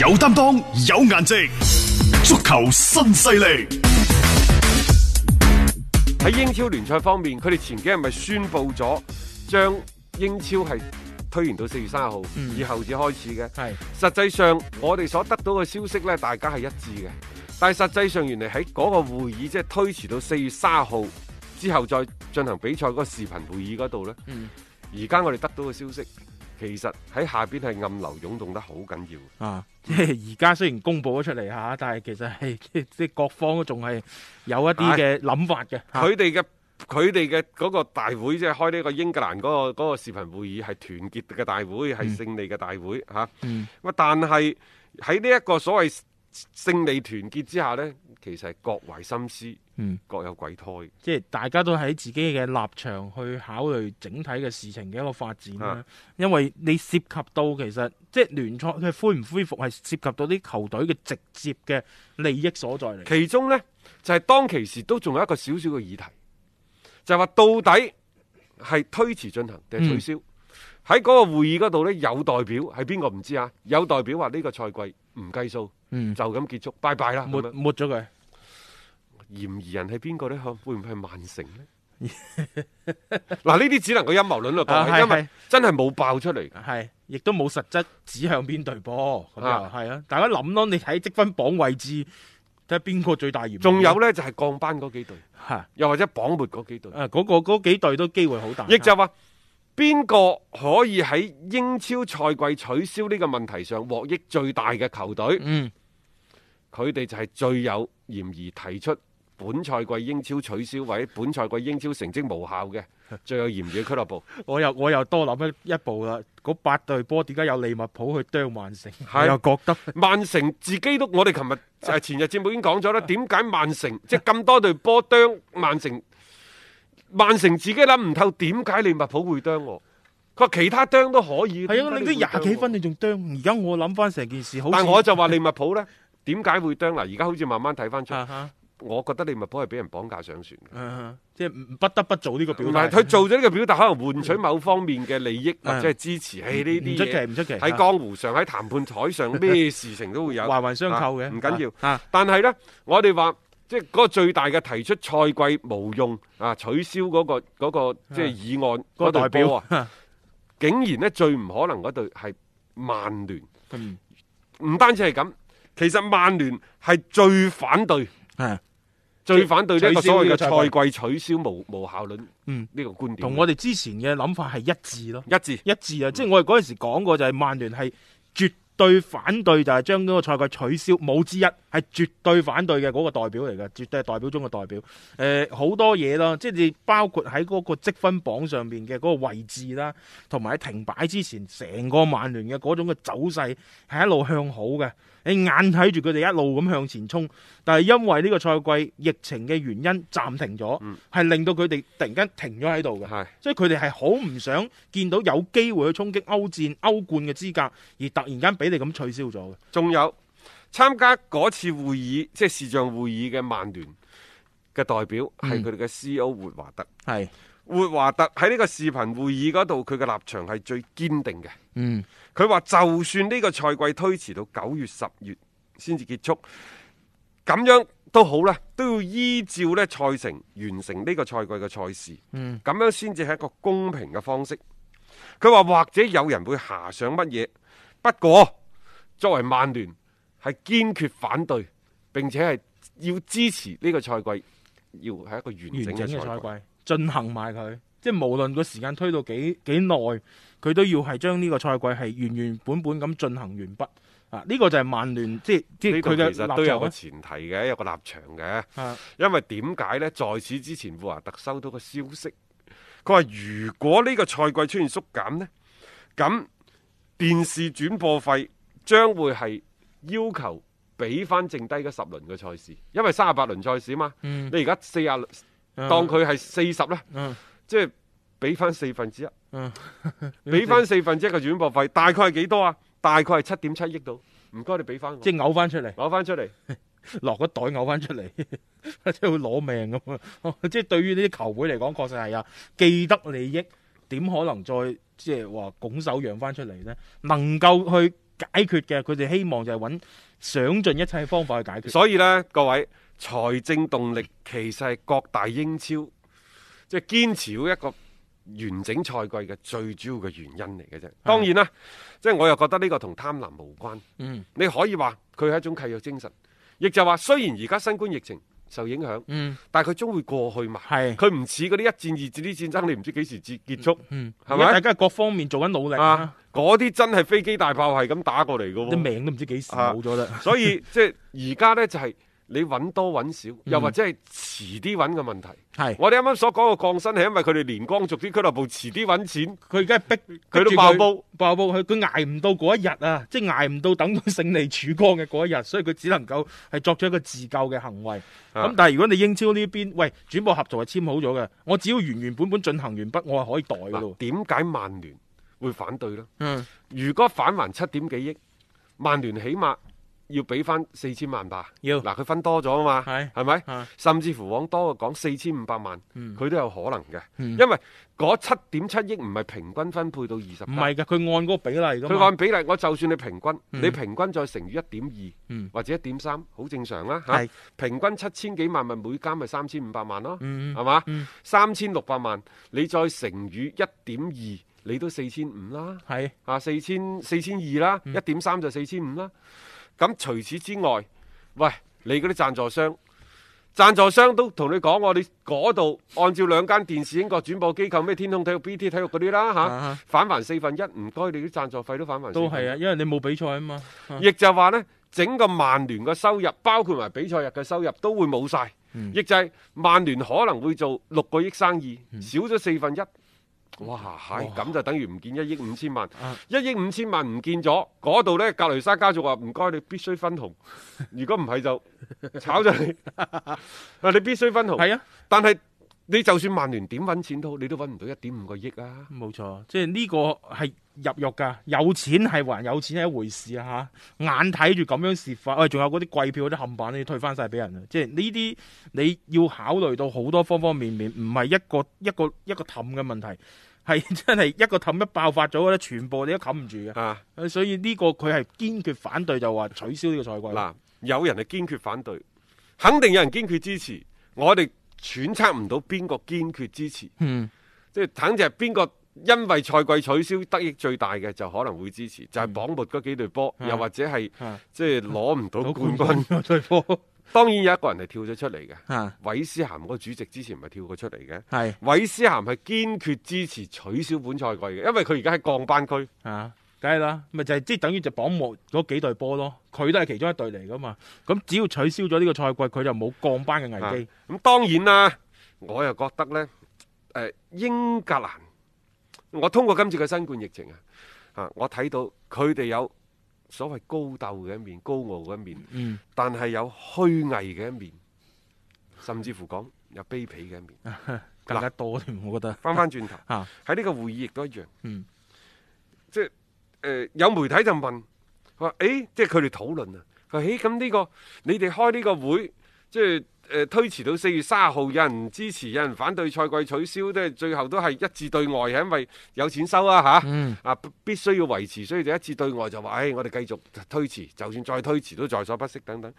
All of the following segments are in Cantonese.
有擔當，有顏值，足球新勢力。喺英超聯賽方面，佢哋前幾日咪宣布咗，將英超係推延到四月三十號以後至開始嘅。係、嗯、實際上，是我哋所得到嘅消息呢，大家係一致嘅。但係實際上，原嚟喺嗰個會議，即、就、係、是、推遲到四月三十號之後再進行比賽嗰個視頻會議嗰度呢，而家、嗯、我哋得到嘅消息。其實喺下邊係暗流湧動得好緊要啊！即係而家雖然公佈咗出嚟嚇，但係其實係即係各方都仲係有一啲嘅諗法嘅。佢哋嘅佢哋嘅嗰個大會即係、就是、開呢個英格蘭嗰、那個嗰、那個視頻會議係團結嘅大會，係、嗯、勝利嘅大會嚇。啊、嗯，咁但係喺呢一個所謂勝利團結之下呢，其實係各懷心思，嗯，各有鬼胎，即係大家都喺自己嘅立場去考慮整體嘅事情嘅一個發展啦。啊、因為你涉及到其實即係聯賽嘅恢唔恢復，係涉及到啲球隊嘅直接嘅利益所在嚟。其中呢，就係、是、當其時都仲有一個少少嘅議題，就係話、是、到底係推遲進行定係取消。嗯喺嗰個會議嗰度咧，有代表係邊個唔知啊？有代表話呢個賽季唔計數，嗯、就咁結束，拜拜啦，抹抹咗佢。嫌疑人係邊個咧？會唔會係曼城咧？嗱，呢啲只能夠陰謀論嚟講，啊、因為真係冇爆出嚟，係亦都冇實質指向邊隊波。係是啊，啊，大家諗咯，你睇積分榜位置睇下邊個最大嫌疑。仲有咧，就係、是、降班嗰幾隊，吓是，又或者榜末嗰幾隊，啊，嗰、那個嗰幾隊都機會好大，亦就話。啊邊個可以喺英超賽季取消呢個問題上獲益最大嘅球隊？嗯，佢哋就係最有嫌疑提出本賽季英超取消或者本賽季英超成績無效嘅最有嫌疑嘅俱樂部我。我又我又多諗咗一步啦，嗰八隊波點解有利物浦去啄曼城？係，我又覺得曼城自己都，我哋琴日誒前日節目已經講咗啦，點解曼城即係咁多隊波啄曼城？萬曼城自己諗唔透點解利物浦會啄我，佢話其他啄都可以，係啊，你都廿幾分你仲啄，而家我諗翻成件事好，但我就話利物浦咧，點解會啄？嗱，而家好似慢慢睇翻出，啊啊、我覺得利物浦係俾人綁架上船的、啊啊，即係不得不做呢個表達。佢做咗呢個表達，可能換取某方面嘅利益、啊啊、或者係支持這，喺呢啲唔出奇，唔出奇。喺江湖上，喺談、啊、判台上，咩事情都會有，環環、啊、相扣嘅，唔緊、啊、要，要。啊啊、但係咧，我哋話。即係嗰個最大嘅提出賽季無用啊取消嗰個嗰個即係議案嗰個代表啊，竟然咧最唔可能嗰隊係曼聯，唔單止係咁，其實曼聯係最反對，係最反對呢個所謂嘅賽季取消無無效論，嗯，呢個觀點同我哋之前嘅諗法係一致咯，一致，一致啊！即係我哋嗰陣時講過就係曼聯係絕。對反對就係將呢個賽季取消，冇之一，係絕對反對嘅嗰個代表嚟嘅，絕對係代表中嘅代表。誒、呃，好多嘢咯，即係包括喺嗰個積分榜上面嘅嗰個位置啦，同埋喺停擺之前，成個曼聯嘅嗰種嘅走勢係一路向好嘅。你眼睇住佢哋一路咁向前衝，但係因為呢個賽季疫情嘅原因暫停咗，係、嗯、令到佢哋突然間停咗喺度嘅。係。所以佢哋係好唔想見到有機會去衝擊歐戰、歐冠嘅資格，而突然間俾。你哋咁取消咗，仲有參加嗰次會議，即係視像會議嘅曼聯嘅代表係佢哋嘅 CEO 霍華特。係霍華特喺呢個視頻會議嗰度，佢嘅立場係最堅定嘅。嗯，佢話就算呢個賽季推遲到九月、十月先至結束，咁樣都好啦，都要依照呢賽程完成呢個賽季嘅賽事。嗯，咁樣先至係一個公平嘅方式。佢話或者有人會遐想乜嘢，不過。作為曼聯係堅決反對，並且係要支持呢個賽季，要係一個完整嘅賽季，進行埋佢。即係無論個時間推到幾幾耐，佢都要係將呢個賽季係原原本本咁進行完畢。啊，呢個就係曼聯即係是即係是佢其實都有個前提嘅，有個立場嘅。的因為點解呢？在此之前，富華特收到個消息，佢話如果呢個賽季出現縮減呢，咁電視轉播費。將會係要求俾翻剩低嘅十輪嘅賽事，因為三十八輪賽事嘛。嗯、你而家四當佢係四十呢，嗯、即係俾翻四分之一，俾翻、嗯、四分之一嘅轉播費，大概係幾多啊？大概係七點七億度，唔該你俾翻我，即係嘔翻出嚟，嘔翻出嚟， 落個袋嘔翻出嚟， 即係會攞命咁啊！即係對於呢啲球會嚟講，確實係啊，既得利益點可能再即係話拱手讓翻出嚟咧？能夠去。解決嘅，佢哋希望就係揾，想盡一切的方法去解決。所以呢，各位財政動力其實係各大英超即係堅持一個完整賽季嘅最主要嘅原因嚟嘅啫。當然啦，即係的我又覺得呢個同貪婪無關。嗯，你可以話佢係一種契約精神，亦就話雖然而家新冠疫情。受影響，嗯、但係佢終會過去嘛。佢唔似嗰啲一戰二戰啲戰爭，你唔知幾時至結束，係咪、嗯？嗯、吧大家各方面做緊努力啊！嗰啲、啊、真係飛機大炮係咁打過嚟嘅喎，啲命都唔知幾時冇咗啦。所以 即係而家咧就係、是。你揾多揾少，又或者係遲啲揾嘅問題。係、嗯、我哋啱啱所講嘅降薪，係因為佢哋連光逐啲俱樂部遲啲揾錢，佢而家逼佢都爆煲，爆煲佢佢捱唔到嗰一日啊！即係捱唔到等到勝利曙光嘅嗰一日，所以佢只能夠係作咗一個自救嘅行為。咁、啊、但係如果你英超呢邊，喂，轉播合同係簽好咗嘅，我只要原原本本進行完畢，我係可以代嘅咯。點解曼聯會反對咧？嗯，如果返還七點幾億，曼聯起碼，要俾翻四千萬吧？要嗱，佢分多咗啊嘛，係咪？甚至乎往多個講四千五百萬，佢都有可能嘅，因為嗰七點七億唔係平均分配到二十，唔係嘅，佢按嗰個比例嘅。佢按比例，我就算你平均，你平均再乘以一點二，或者一點三，好正常啦嚇。平均七千幾萬，咪每間咪三千五百萬咯，係嘛？三千六百萬，你再乘以一點二，你都四千五啦。係啊，四千四千二啦，一點三就四千五啦。咁除此之外，喂，你嗰啲贊助商，贊助商都同你講，我哋嗰度按照兩間電視英國轉播機構，咩天空體育、B T 體育嗰啲啦，吓返還四分一，唔該，你啲贊助費都返還。都係啊，因為你冇比賽啊嘛，亦就係話呢，整個曼聯嘅收入，包括埋比賽日嘅收入，都會冇晒。亦就係曼聯可能會做六個億生意，少咗四分一。哇！係，咁就等於唔見一億五千萬，一億五千萬唔見咗，嗰度呢？格雷沙家族話唔該，你必須分紅，如果唔係就炒咗你，啊，你必須分紅。係啊，但係。你就算曼聯點揾錢都好，你都揾唔到一點五個億啊！冇錯，即係呢個係入肉噶，有錢係還有錢係一回事啊！吓，眼睇住咁樣蝕翻，喂，仲有嗰啲貴票嗰啲冚板你退翻晒俾人啊！即係呢啲你要考慮到好多方方面面，唔係一個一個一個氹嘅問題，係真係一個氹一爆發咗咧，全部你都冚唔住嘅啊！所以呢個佢係堅決反對，就話取消呢個賽季。嗱，有人係堅決反對，肯定有人堅決支持，我哋。揣測唔到邊個堅決支持，嗯、即係等著邊個因為賽季取消得益最大嘅就可能會支持，就係榜尾嗰幾隊波。是又或者係是即係攞唔到冠軍。冠冠 當然有一個人係跳咗出嚟嘅。是韋斯咸個主席之前唔係跳過出嚟嘅？係是韋斯咸係堅決支持取消本賽季嘅，因為佢而家喺降班區。啊梗係啦，咪就係即係等於就榜末嗰幾隊波咯，佢都係其中一隊嚟噶嘛。咁只要取消咗呢個賽季，佢就冇降班嘅危機。咁、啊嗯、當然啦，我又覺得咧，誒、呃，英格蘭，我通過今次嘅新冠疫情啊，吓我睇到佢哋有所謂高竇嘅一面、高傲嘅一面，嗯、但係有虛偽嘅一面，甚至乎講有卑鄙嘅一面，更加，多添、啊，我覺得。返返轉頭，喺呢、啊、個會議亦都一樣，嗯，即係。誒、呃，有媒體就問，話誒，即係佢哋討論啊，佢誒咁呢、這個你哋開呢個會，即係誒、呃、推遲到四月三十號，有人支持，有人反對，賽季取消，即係最後都係一致對外，係因為有錢收啊吓，啊、嗯、啊必須要維持，所以就一致對外就話，誒、哎、我哋繼續推遲，就算再推遲都在所不惜等等。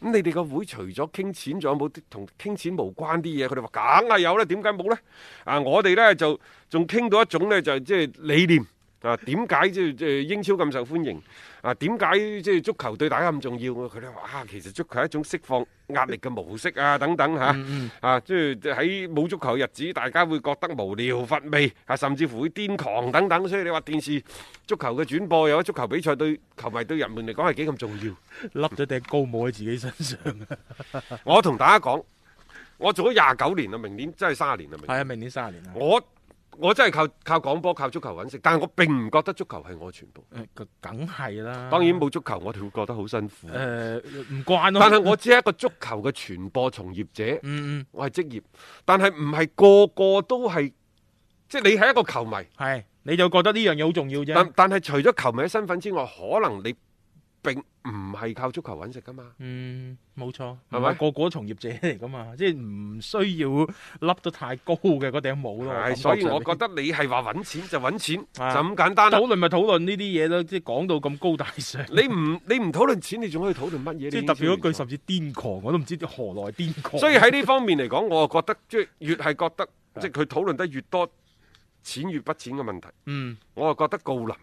咁你哋個會除咗傾錢仲有冇同傾錢無關啲嘢，佢哋話梗係有啦，點解冇咧？啊我哋咧就仲傾到一種咧就即、是、係理念。啊，點解即係英超咁受歡迎？啊，點解即係足球對大家咁重要？佢哋話啊，其實足球係一種釋放壓力嘅模式啊，等等吓，啊，即係喺冇足球日子，大家會覺得無聊乏味，啊，甚至乎會癲狂等等。所以你話電視足球嘅轉播，有足球比賽對球迷對人們嚟講係幾咁重要？笠咗頂高帽喺自己身上。我同大家講，我做咗廿九年啦，明年真係卅年啦，明係啊，明年卅年啊，我。我真係靠靠廣播、靠足球揾食，但係我並唔覺得足球係我全部。梗係啦，當然冇足球我哋會覺得好辛苦。誒、呃，唔關、啊。但係我只係一個足球嘅傳播從業者。嗯嗯，我係職業，但係唔係個個都係，即係你係一個球迷，係你就覺得呢樣嘢好重要啫。但係除咗球迷嘅身份之外，可能你。並唔係靠足球揾食噶嘛，嗯，冇錯，係咪個個從業者嚟噶嘛，即係唔需要笠得太高嘅嗰頂帽咯。係，所以我覺得你係話揾錢就揾錢，係嘅，就咁簡單。討論咪討論呢啲嘢咯，即係講到咁高大上。你唔你唔討論錢，你仲可以討論乜嘢？即係特別嗰句，甚至癲狂，我都唔知何來癲狂。所以喺呢方面嚟講，我啊覺得即係越係覺得，即係佢討論得越多錢越不錢嘅問題。嗯，我啊覺得郜林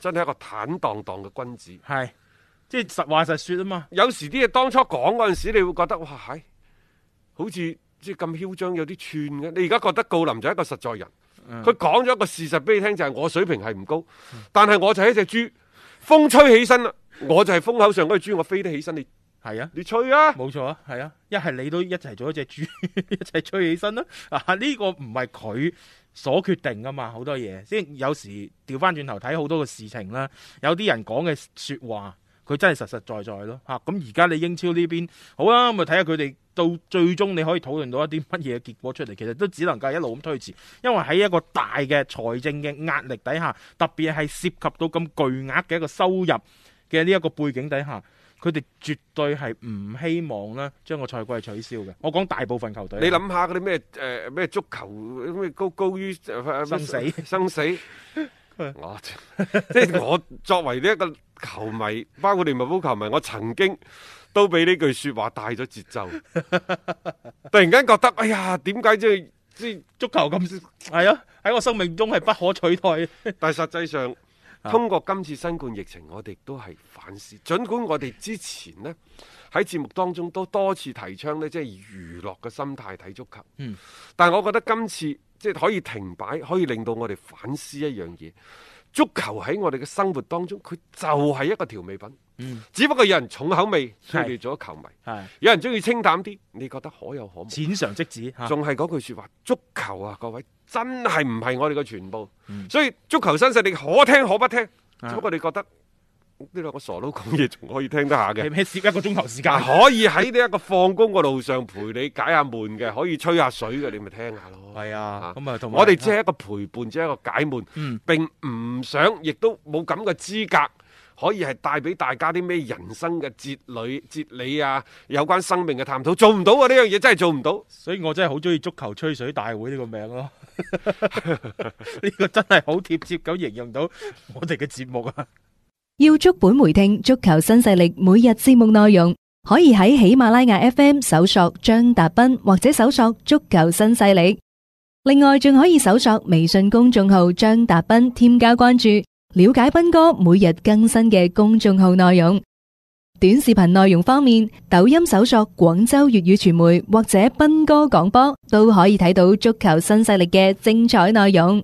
真係一個坦蕩蕩嘅君子。係。即係實話實說啊嘛！有時啲嘢當初講嗰陣時，你會覺得哇，哎、好似即係咁囂張，有啲串嘅。你而家覺得郜林就係一個實在人，佢講咗一個事實俾你聽，就係、是、我水平係唔高，嗯、但係我就係一隻豬。風吹起身我就係風口上嗰隻豬，我飛得起身。你係啊，你吹啊，冇錯啊，係啊。一係你都一齊做一隻豬， 一齊吹起身啦。啊，呢、這個唔係佢所決定噶嘛，好多嘢。即係有時調翻轉頭睇好多個事情啦，有啲人講嘅說話。佢真係實實在在咯吓，咁而家你英超呢邊好啊，咪睇下佢哋到最終你可以討論到一啲乜嘢結果出嚟。其實都只能夠一路咁推遲，因為喺一個大嘅財政嘅壓力底下，特別係涉及到咁巨額嘅一個收入嘅呢一個背景底下，佢哋絕對係唔希望咧將個賽季取消嘅。我講大部分球隊，你諗下嗰啲咩誒咩足球高高於生死、呃、生死。生死生死。 我即係、就是、我作為呢一個球迷，包括利物浦球迷，我曾經都俾呢句說話帶咗節奏， 突然間覺得，哎呀，點解即係啲足球咁係啊？喺我生命中係不可取代。 但係實際上，通過今次新冠疫情，我哋都係反思。盡管我哋之前呢，喺節目當中都多次提倡呢，即係以娛樂嘅心態睇足球。嗯，但係我覺得今次。即係可以停擺，可以令到我哋反思一樣嘢。足球喺我哋嘅生活當中，佢就係一個調味品。嗯，只不過有人重口味，忽略咗球迷，是有人鍾意清淡啲，你覺得可有可無。淺嘗即止，仲係嗰句説話：啊、足球啊，各位真係唔係我哋嘅全部。嗯、所以足球新勢力可聽可不聽，只不過你覺得。呢兩個傻佬講嘢仲可以聽得下嘅，係咪攝一個鐘頭時間？ 可以喺呢一個放工嘅路上陪你解下悶嘅，可以吹下水嘅，你咪聽下咯。係啊，咁啊同埋，嗯、我哋只係一個陪伴，只係一個解悶，嗯、並唔想亦都冇咁嘅資格，可以係帶俾大家啲咩人生嘅哲理、哲理啊，有關生命嘅探討，做唔到啊！呢樣嘢真係做唔到。所以我真係好中意足球吹水大會呢個名咯，呢個真係好貼切咁形容到我哋嘅節目啊！ 要足本回聽足球新勢力每日節目內容，可以喺喜馬拉雅 FM 搜索張達斌，或者搜索足球新勢力。另外，仲可以搜索微信公眾號張達斌，添加關注，了解斌哥每日更新嘅公眾號內容。短視頻內容方面，抖音搜索廣州粵語傳媒或者斌哥廣播，都可以睇到足球新勢力嘅精彩內容。